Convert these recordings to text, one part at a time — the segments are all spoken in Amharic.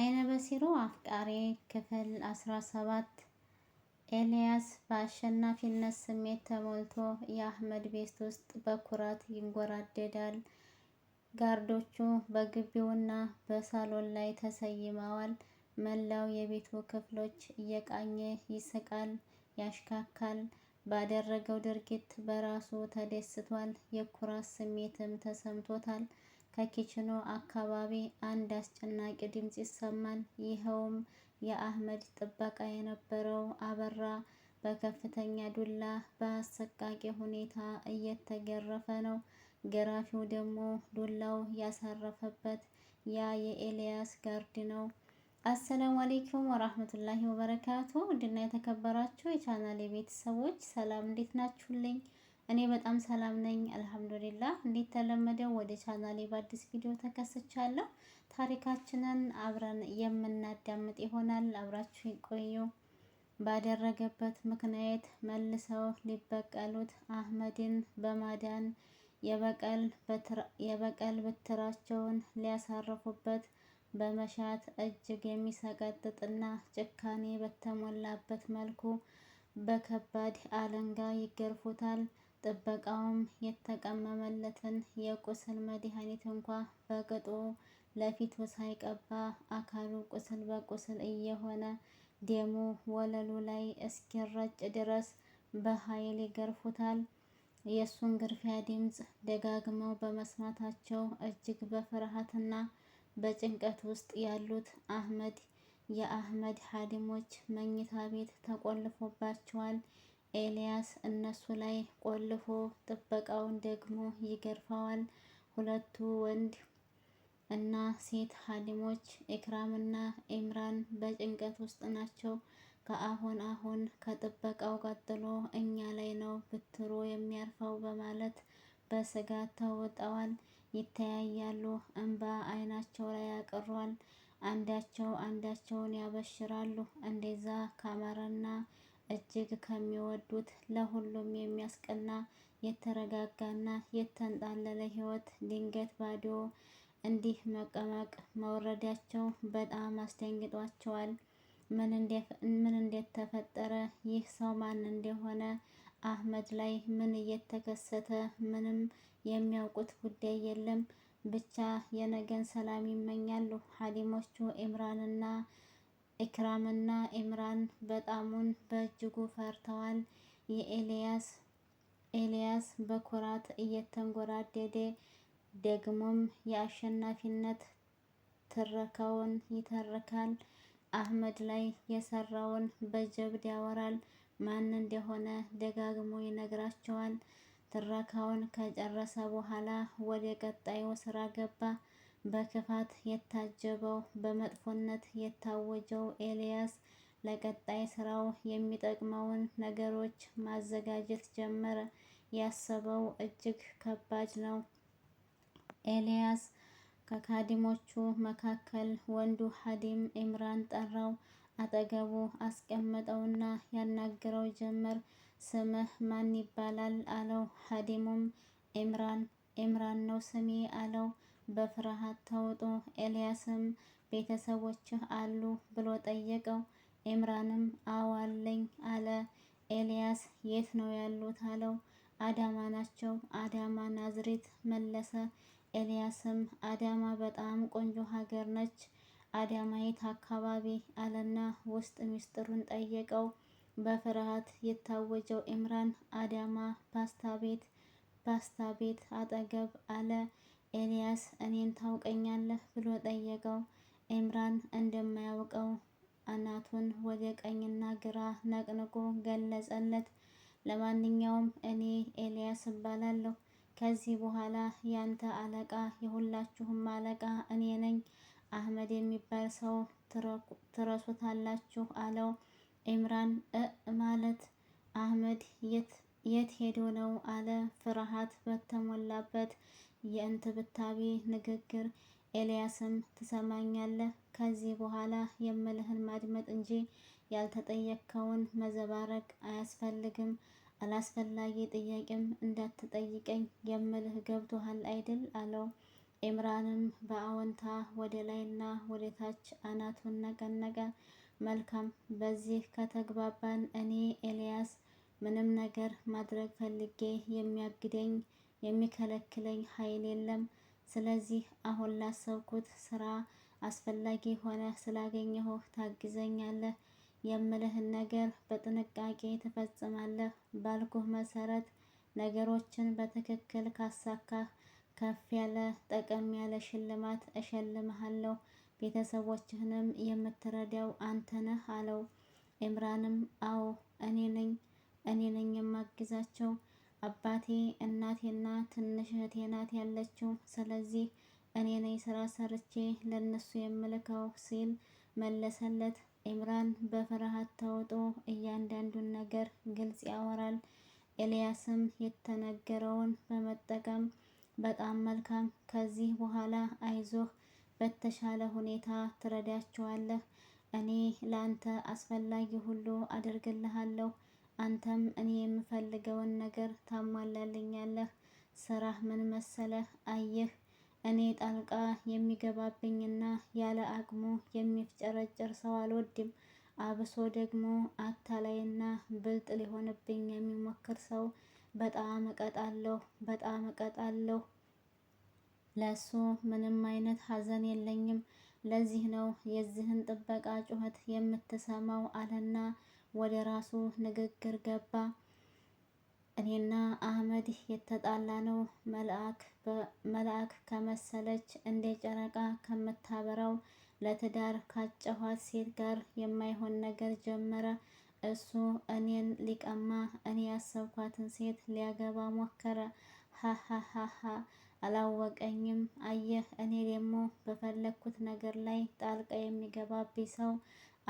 አይነ በሲሮ አፍቃሪ ክፍል 17 ኤልያስ በአሸናፊነት ስሜት ተሞልቶ የአህመድ ቤት ውስጥ በኩራት ይንጎራደዳል። ጋርዶቹ በግቢውና በሳሎን ላይ ተሰይመዋል። መላው የቤቱ ክፍሎች እየቃኘ ይስቃል፣ ያሽካካል። ባደረገው ድርጊት በራሱ ተደስቷል። የኩራት ስሜትም ተሰምቶታል። ከኪችኖ አካባቢ አንድ አስጨናቂ ድምፅ ይሰማል። ይኸውም የአህመድ ጥበቃ የነበረው አበራ በከፍተኛ ዱላ በአሰቃቂ ሁኔታ እየተገረፈ ነው። ገራፊው ደግሞ ዱላው ያሳረፈበት ያ የኤልያስ ጋርድ ነው። አሰላሙ አሌይኩም ወራህመቱላሂ ወበረካቱ። ውድና የተከበራችሁ የቻናል ቤተሰቦች ሰላም እንዴት ናችሁልኝ? እኔ በጣም ሰላም ነኝ አልሐምዱሊላ። እንዴት ተለመደው ወደ ቻናሌ በአዲስ ቪዲዮ ተከስቻለሁ። ታሪካችንን አብረን የምናዳምጥ ይሆናል። አብራችሁ ቆዩ ባደረገበት ምክንያት መልሰው ሊበቀሉት አህመድን በማዳን የበቀል ብትራቸውን ሊያሳርፉበት በመሻት እጅግ የሚሰቀጥጥና ጭካኔ በተሞላበት መልኩ በከባድ አለንጋ ይገርፉታል። ጥበቃውም የተቀመመለትን የቁስል መድኃኒት እንኳ በቅጡ ለፊቱ ሳይቀባ አካሉ ቁስል በቁስል እየሆነ ደሙ ወለሉ ላይ እስኪረጭ ድረስ በኃይል ይገርፉታል። የእሱን ግርፊያ ድምፅ ደጋግመው በመስማታቸው እጅግ በፍርሃትና በጭንቀት ውስጥ ያሉት አህመድ የአህመድ ሀዲሞች መኝታ ቤት ተቆልፎባቸዋል። ኤልያስ እነሱ ላይ ቆልፎ ጥበቃውን ደግሞ ይገርፈዋል። ሁለቱ ወንድ እና ሴት ሀሊሞች ኢክራምና ኢምራን በጭንቀት ውስጥ ናቸው። ከአሁን አሁን ከጥበቃው ቀጥሎ እኛ ላይ ነው ብትሮ የሚያርፈው በማለት በስጋት ተውጠዋል። ይተያያሉ። እንባ አይናቸው ላይ ያቀሯል። አንዳቸው አንዳቸውን ያበሽራሉ። እንደዛ ካማረና እጅግ ከሚወዱት ለሁሉም የሚያስቀና የተረጋጋና የተንጣለለ ሕይወት ድንገት ባዶ እንዲህ መቀመቅ መውረዳቸው በጣም አስደንግጧቸዋል። ምን እንዴት ተፈጠረ? ይህ ሰው ማን እንደሆነ አህመድ ላይ ምን እየተከሰተ? ምንም የሚያውቁት ጉዳይ የለም። ብቻ የነገን ሰላም ይመኛሉ። ሀሊሞቹ ኢምራንና ኢክራምና ኢምራን በጣሙን በእጅጉ ፈርተዋል። የኤልያስ ኤልያስ በኩራት እየተንጎራደደ ደግሞም የአሸናፊነት ትረካውን ይተርካል። አህመድ ላይ የሰራውን በጀብድ ያወራል። ማን እንደሆነ ደጋግሞ ይነግራቸዋል። ትረካውን ከጨረሰ በኋላ ወደ ቀጣዩ ስራ ገባ። በክፋት የታጀበው በመጥፎነት የታወጀው ኤልያስ ለቀጣይ ስራው የሚጠቅመውን ነገሮች ማዘጋጀት ጀመረ። ያሰበው እጅግ ከባድ ነው። ኤልያስ ከካዲሞቹ መካከል ወንዱ ሀዲም ኢምራን ጠራው፣ አጠገቡ አስቀመጠውና ያናግረው ጀመር። ስምህ ማን ይባላል አለው። ሀዲሙም ኢምራን ኢምራን ነው ስሜ አለው። በፍርሃት ተውጦ ኤልያስም ቤተሰቦችህ አሉ ብሎ ጠየቀው። ኤምራንም አዋለኝ አለ። ኤልያስ የት ነው ያሉት አለው። አዳማ ናቸው፣ አዳማ ናዝሬት መለሰ። ኤልያስም አዳማ በጣም ቆንጆ ሀገር ነች፣ የት አካባቢ አለና ውስጥ ሚስጥሩን ጠየቀው። በፍርሃት የታወጀው ኤምራን አዳማ ፓስታ ቤት ፓስታ ቤት አጠገብ አለ። ኤልያስ እኔን ታውቀኛለህ ብሎ ጠየቀው። ኤምራን እንደማያውቀው አናቱን ወደ ቀኝና ግራ ነቅንቆ ገለጸለት። ለማንኛውም እኔ ኤልያስ እባላለሁ። ከዚህ በኋላ ያንተ አለቃ የሁላችሁም አለቃ እኔ ነኝ። አህመድ የሚባል ሰው ትረሱታላችሁ አለው። ኤምራን እ ማለት አህመድ የት ሄዶ ነው አለ ፍርሃት በተሞላበት የእንትብታቤ ንግግር ኤልያስን ትሰማኛለህ፣ ከዚህ በኋላ የምልህን ማድመጥ እንጂ ያልተጠየቅከውን መዘባረቅ አያስፈልግም። አላስፈላጊ ጥያቄም እንዳትጠይቀኝ የምልህ ገብቶሃል አይደል? አለው። ኤምራንም በአዎንታ ወደ ላይና ወደ ታች አናቱን ነቀነቀ። መልካም፣ በዚህ ከተግባባን እኔ ኤልያስ ምንም ነገር ማድረግ ፈልጌ የሚያግደኝ የሚከለክለኝ ኃይል የለም። ስለዚህ አሁን ላሰብኩት ስራ አስፈላጊ ሆነ ስላገኘሁህ ታግዘኛለህ፣ የምልህን ነገር በጥንቃቄ ትፈጽማለህ። ባልኩህ መሰረት ነገሮችን በትክክል ካሳካህ ከፍ ያለ ጠቀም ያለ ሽልማት እሸልምሃለሁ፣ ቤተሰቦችህንም የምትረዳው አንተ ነህ አለው። ኢምራንም አዎ እኔ ነኝ እኔ ነኝ የማግዛቸው አባቴ እናቴና ትንሽ እህቴ ናት ያለችው። ስለዚህ እኔ ነኝ ስራ ሰርቼ ለነሱ የምልከው ሲል መለሰለት። ኢምራን በፍርሃት ተውጦ እያንዳንዱን ነገር ግልጽ ያወራል። ኤልያስም የተነገረውን በመጠቀም በጣም መልካም፣ ከዚህ በኋላ አይዞህ፣ በተሻለ ሁኔታ ትረዳቸዋለህ። እኔ ለአንተ አስፈላጊ ሁሉ አድርግልሃለሁ። አንተም እኔ የምፈልገውን ነገር ታሟላልኛለህ። ስራህ ምን መሰለህ? አየህ እኔ ጣልቃ የሚገባብኝና ያለ አቅሙ የሚፍጨረጨር ሰው አልወድም። አብሶ ደግሞ አታላይና ብልጥ ሊሆንብኝ የሚሞክር ሰው በጣም እቀጣለሁ፣ በጣም እቀጣለሁ። ለሱ ምንም አይነት ሀዘን የለኝም። ለዚህ ነው የዚህን ጥበቃ ጩኸት የምትሰማው አለና ወደ ራሱ ንግግር ገባ። እኔና አህመድ የተጣላ ነው መልአክ ከመሰለች እንደ ጨረቃ ከምታበራው ለትዳር ካጨኋት ሴት ጋር የማይሆን ነገር ጀመረ። እሱ እኔን ሊቀማ፣ እኔ ያሰብኳትን ሴት ሊያገባ ሞከረ። ሀሀሀሀ አላወቀኝም። አየህ፣ እኔ ደግሞ በፈለግኩት ነገር ላይ ጣልቃ የሚገባብኝ ሰው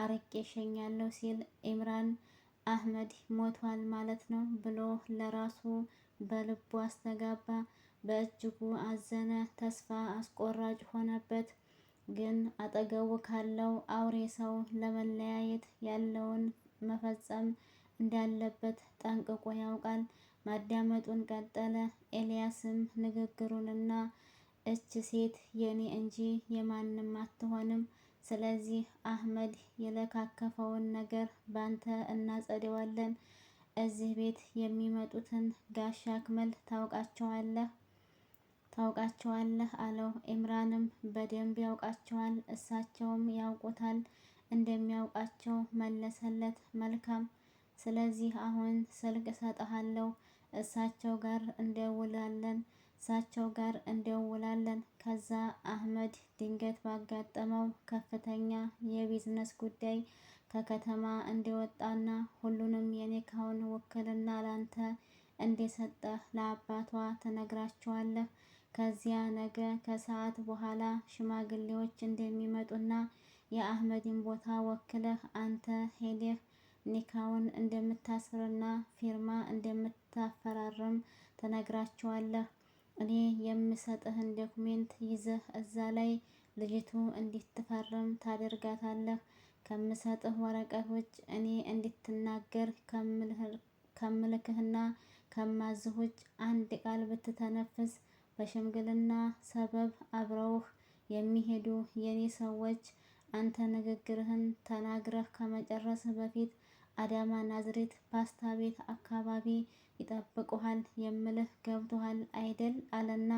አርቄ ሸኛለሁ ሲል ኢምራን አህመድ ሞቷል ማለት ነው ብሎ ለራሱ በልቡ አስተጋባ። በእጅጉ አዘነ። ተስፋ አስቆራጭ ሆነበት። ግን አጠገቡ ካለው አውሬ ሰው ለመለያየት ያለውን መፈጸም እንዳለበት ጠንቅቆ ያውቃል። ማዳመጡን ቀጠለ። ኤልያስም ንግግሩንና እች ሴት የኔ እንጂ የማንም አትሆንም ስለዚህ አህመድ የለካከፈውን ነገር ባንተ እናጸደዋለን። እዚህ ቤት የሚመጡትን ጋሻ አክመል ታውቃቸዋለህ ታውቃቸዋለህ አለው። ኢምራንም በደንብ ያውቃቸዋል፣ እሳቸውም ያውቁታል እንደሚያውቃቸው መለሰለት። መልካም፣ ስለዚህ አሁን ስልክ እሰጥሃለሁ፣ እሳቸው ጋር እንደውላለን። እሳቸው ጋር እንደውላለን። ከዛ አህመድ ድንገት ባጋጠመው ከፍተኛ የቢዝነስ ጉዳይ ከከተማ እንደወጣና ሁሉንም የኔካውን ውክልና ላንተ እንደሰጠ ለአባቷ ትነግራቸዋለህ። ከዚያ ነገ ከሰዓት በኋላ ሽማግሌዎች እንደሚመጡና የአህመድን ቦታ ወክለህ አንተ ሄደህ ኒካውን እንደምታስርና ፊርማ እንደምታፈራርም ትነግራቸዋለህ። እኔ የምሰጥህን ዶክሜንት ይዘህ እዛ ላይ ልጅቱ እንዲትፈርም ታደርጋታለህ። ከምሰጥህ ወረቀት ውጭ እኔ እንድትናገር ከምልክህና ከማዝህ ውጭ አንድ ቃል ብትተነፍስ በሽምግልና ሰበብ አብረውህ የሚሄዱ የኔ ሰዎች አንተ ንግግርህን ተናግረህ ከመጨረስህ በፊት አዳማ ናዝሬት ፓስታ ቤት አካባቢ ይጠብቁሃል የምልህ ገብቶሃል አይደል አለና።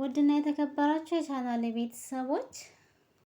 ውድና የተከበራችሁ የቻናሌ ቤተሰቦች